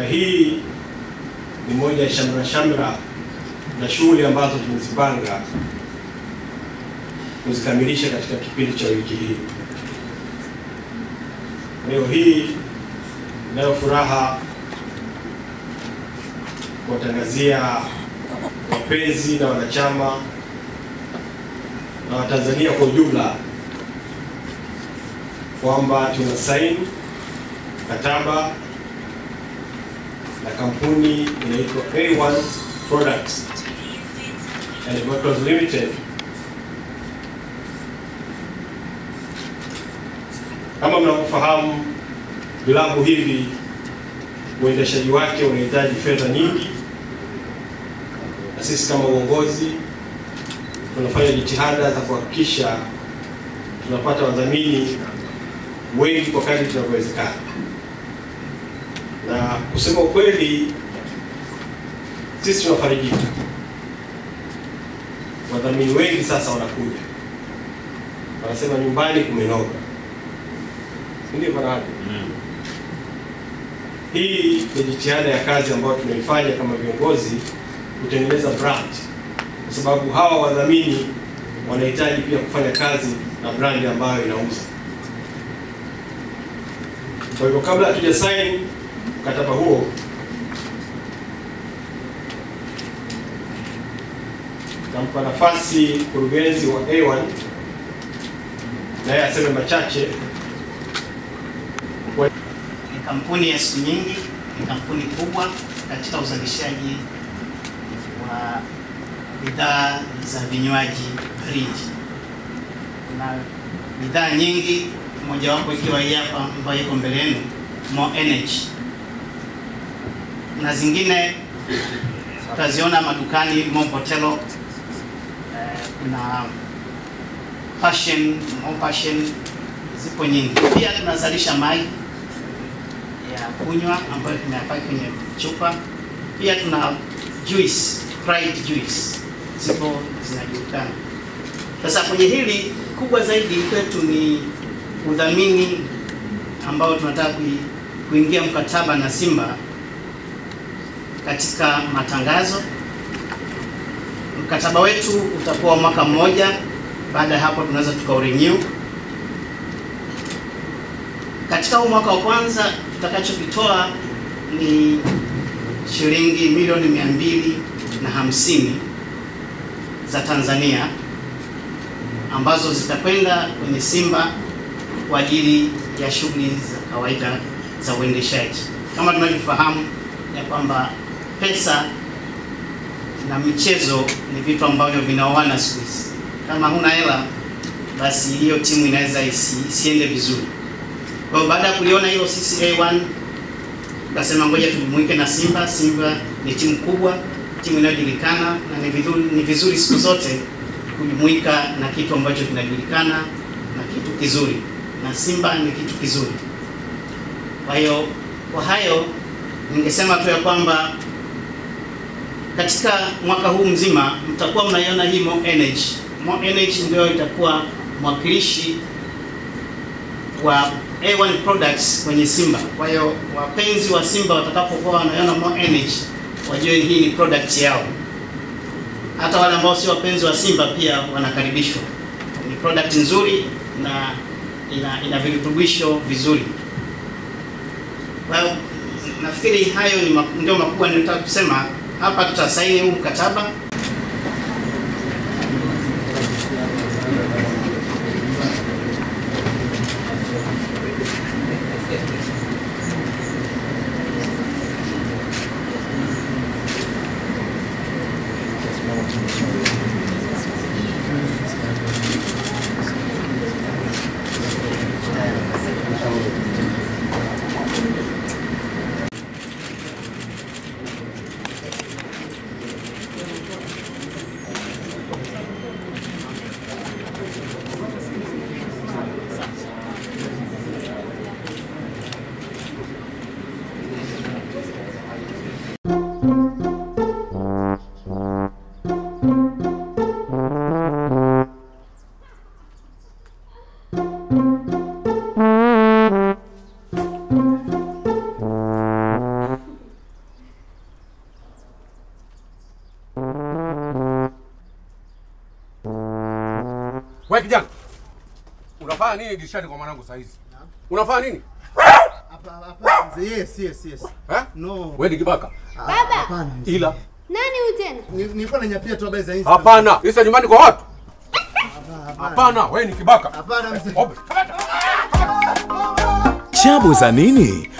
na hii ni moja ya shamra shamra na shughuli ambazo tumezipanga kuzikamilisha katika kipindi cha wiki hii. Leo hii inayo furaha kuwatangazia wapenzi na wanachama na Watanzania kwa ujumla kwamba tunasaini mkataba na kampuni inaitwa A1 Products and Motors Limited. Kama mnavyofahamu, vilabu hivi uendeshaji wake unahitaji fedha nyingi, na sisi kama uongozi tunafanya jitihada za kuhakikisha tunapata wadhamini wengi kwa kadri tunavyowezekana kusema kweli, sisi tunafarijika, wadhamini wengi sasa wanakuja wanasema nyumbani kumenoga, si ndio? Farahani, mm. Hii ni jitihada ya kazi ambayo tunaifanya kama viongozi kutengeneza brand, kwa sababu hawa wadhamini wanahitaji pia kufanya kazi na brand ambayo inauza. Kwa hivyo kabla hatuja sign mkataba huo tampa nafasi mkurugenzi wa A1 naye aseme machache. Ni kampuni ya siku nyingi, ni kampuni kubwa katika uzalishaji wa bidhaa za vinywaji brindi na bidhaa nyingi, mojawapo ikiwa hii hapa ambayo iko mbele yenu, Mo Energy na zingine utaziona madukani Mompotelo eh, na passion, Mompassion, zipo nyingi. Pia tunazalisha maji ya kunywa ambayo tunayapaki kwenye chupa. Pia tuna juice, dried juice zipo zinajulikana. Sasa kwenye hili kubwa zaidi kwetu ni udhamini ambao tunataka kuingia mkataba na Simba katika matangazo. Mkataba wetu utakuwa mwaka mmoja, baada ya hapo tunaweza tukaurenew. Katika huu mwaka wa kwanza tutakachokitoa ni shilingi milioni mia mbili na hamsini za Tanzania ambazo zitakwenda kwenye Simba kwa ajili ya shughuli za kawaida za uendeshaji kama tunavyofahamu ya kwamba pesa na michezo ni vitu ambavyo vinaoana siku hizi. Kama huna hela, basi hiyo timu inaweza isi, isiende vizuri. Kwa baada ya kuliona hilo sisi A1 tukasema ngoja tujumuike na Simba. Simba ni timu kubwa, timu inayojulikana na ni vizuri, ni vizuri siku zote kujumuika na kitu ambacho kinajulikana na kitu kizuri, na Simba ni kitu kizuri. Kwa hiyo kwa hayo ningesema tu ya kwamba katika mwaka huu mzima mtakuwa mnaiona hii Mo Energy. Mo Energy ndio itakuwa mwakilishi wa A1 products kwenye Simba. Kwa hiyo wapenzi wa Simba watakapokuwa wanaiona Mo Energy wajue hii ni product yao. Hata wale ambao sio wapenzi wa Simba pia wanakaribishwa. Ni product nzuri na ina, ina virutubisho vizuri. Kwa hiyo nafikiri hayo ni ndio makubwa nilitaka kusema. hapa tutasaini huu mkataba Thank you. Wewe kijana. Unafanya nini dirishani kwa mwanangu saa hizi? Unafanya nini? Hapa hapa Yes, yes, yes. Eh? No. Wewe ni kibaka. Ah, Baba. Hapana. Ila nani huyu tena? Nilikuwa na nyapia tu habari za hizi. Hapana. Isa nyumbani kwa watu. Hapana, wewe ni kibaka. Hapana mzee. Chabu za nini?